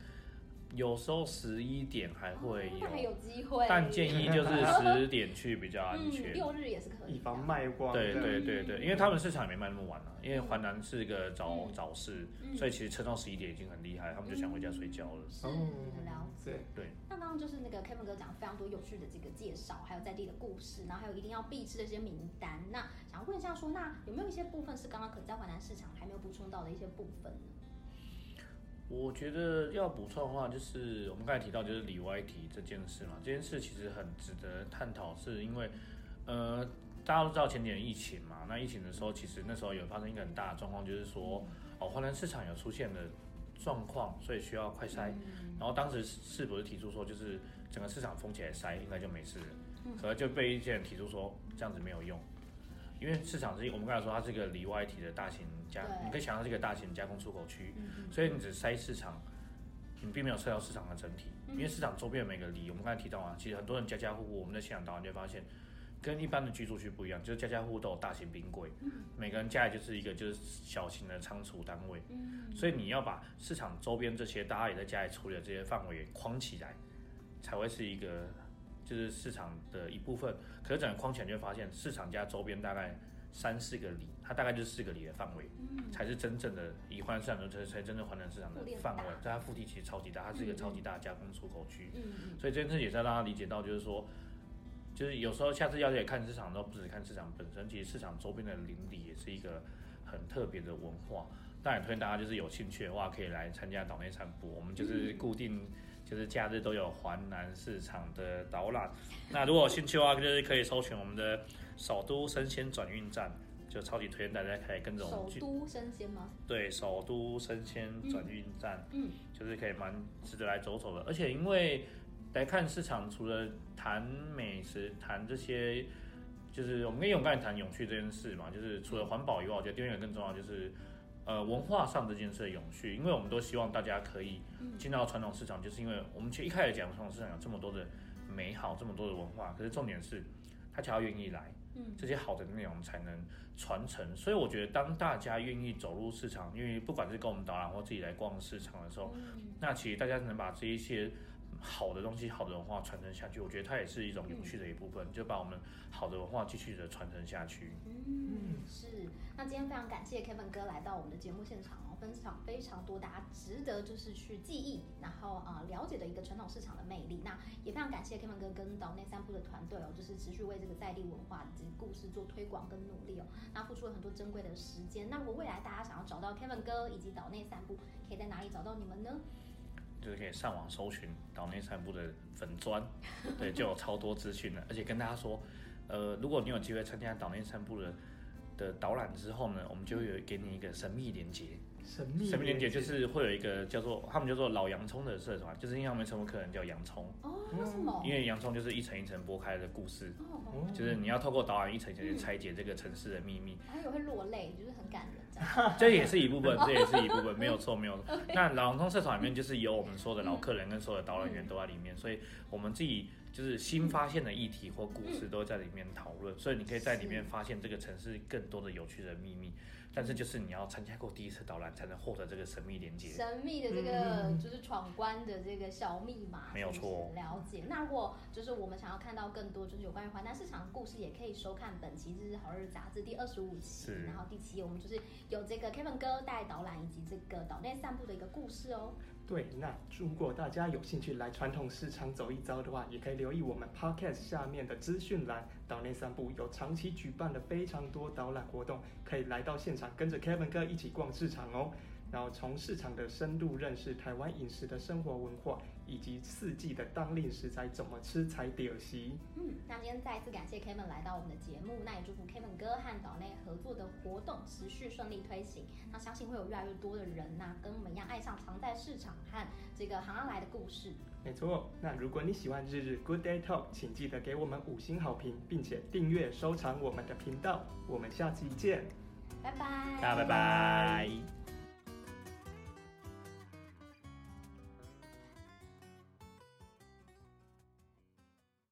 有時候十一點還會有，還有機會。但建議就是十點去比較安全。六日也是可以。以防賣光。對對對對，因為他們市場也沒賣那麼晚了，因為環南是一個早早市，所以其實撐到十一點已經很厲害，他們就想回家睡覺了。哦，很了解。對。那剛剛就是那個 Kevin 哥講非常多有趣的這個介紹，還有在地的故事，然後還有一定要必吃的一些名單。那想問一下，說那有沒有一些部分是剛剛可能在環南市場還沒有補充到的一些部分呢？我覺得要補充的話，就是我們剛才提到就是裡外提這件事嘛，這件事其實很值得探討，是因為呃，大家都知道前幾年疫情嘛，那疫情的時候，其實那時候有發生一個很大的狀況，就是說哦，環南市場有出現的狀況，所以需要快篩，嗯嗯嗯，然後當時是不是提出說就是整個市場封起來篩，應該就沒事了。可能就被一些人提出說這樣子沒有用。因為市場是一個，我們剛才說它是一個裡外體的大型加，對你可以想象是一個大型加工出口區，嗯、所以你只塞市場，你並沒有塞到市場的整體。嗯、因為市場周邊的每個里，我們剛才提到啊，其實很多人家家戶戶，我們在現場導覽就發現，跟一般的居住區不一樣，就是家家戶戶都有大型冰櫃，嗯、每個人家裡就是一個就是小型的倉儲單位，嗯、所以你要把市場周邊這些大家也在家裡處理的這些範圍也框起來，才會是一個。是市場的一部分，可是整個框起來你就發現，市場加周邊大概三四個里，它大概就是四個里的範圍，嗯、才是真正的環南市場的才才真正環南市場的範圍，在它腹地其實超級大，它是一個超級大的加工出口區，嗯，嗯嗯所以這件事也在讓大家理解到，就是說，就是有時候下次要去看市場的時候，都不止是看市場本身，其實市場周邊的鄰里也是一個很特別的文化。當然，推薦大家就是有興趣的話，可以來參加島內散步，我們就是固定、嗯。嗯就是假日都有環南市場的導覽，那如果有興趣的話，就是可以搜尋我們的首都生鮮轉運站，就超級推薦大家可以跟着我們去。首都生鮮嗎？對，首都生鮮轉運站，嗯，嗯，就是可以蠻值得來走走的。而且因為來看市場，除了談美食，談這些，就是我們跟永剛也談永續這件事嘛，就是除了環保以外，我覺得第二點更重要就是。呃，文化上這件事的永續，因為我們都希望大家可以進到傳統市場，嗯、就是因為我們一一開始講傳統市場有這麼多的美好，這麼多的文化，可是重點是，大家要願意來，這些好的內容才能傳承。嗯、所以我覺得，當大家願意走入市場，因為不管是跟我們導覽或自己來逛市場的時候，嗯嗯，那其實大家能把這一些。好的東西，好的文化傳承下去，我覺得它也是一種有趣的一部分，嗯、就把我們好的文化繼續的傳承下去。嗯，是。那今天非常感謝 Kevin 哥來到我們的節目現場哦，分享非常多大家值得就是去記憶，然後啊、呃、了解的一個傳統市場的魅力。那也非常感謝 Kevin 哥跟島內散步的團隊哦，就是持續為這個在地文化以及故事做推廣跟努力哦，那付出了很多珍貴的時間。那如果未來大家想要找到 Kevin 哥以及島內散步，可以在哪裡找到你們呢？就是可以上網搜尋島內散步的粉專，對，就有超多資訊了。 而且跟大家說，呃，如果你有機會參加島內散步的的導覽之後呢，我們就會有給你一個神秘連結。神秘連接就是會有一個叫做，他們叫做老洋蔥的社團，就是因為他們稱呼客人叫洋蔥哦，為什麼？因為洋蔥就是一層一層剝開的故事，就是你要透過導覽一層層去拆解這個城市的秘密，還有會落淚，就是很感人，這也是一部分，這也是一部分，沒有錯，沒有錯。那老洋蔥社團裡面就是有我們說的老客人跟所有的導覽員都在裡面，所以我們自己就是新發現的議題或故事都會在裡面討論，所以你可以在裡面發現這個城市更多的有趣的秘密。但是就是你要參加過第一次導覽，才能獲得這個神秘連接。神秘的這個、嗯、就是闖關的這個小密碼，嗯、是是沒有錯了解那如果就是我們想要看到更多，就是有關於環南市場故事，也可以收看本期《日日好日》雜誌第二十五期，是然後第七頁，我們就是有這個 Kevin 哥帶導覽以及這個島內散步的一個故事哦。對，那如果大家有興趣來傳統市場走一遭的話，也可以留意我們 Podcast 下面的資訊欄，島內散步有長期舉辦的非常多導覽活動，可以來到現場跟着 Kevin 哥一起逛市場哦。然後從市場的深度認識台灣飲食的生活文化，以及四季的當令食材怎麼吃才得宜。嗯，那今天再一次感謝 Kevin 來到我們的節目，那也祝福 Kevin 哥和島內合作的活動持續順利推行。那相信會有越來越多的人吶、啊，跟我們一樣愛上藏在市場和這個行行來的故事。沒錯，那如果你喜歡日日 Good Day Talk，請記得給我們五星好評，並且訂閱收藏我們的頻道。我們下期見，拜拜，大家拜拜。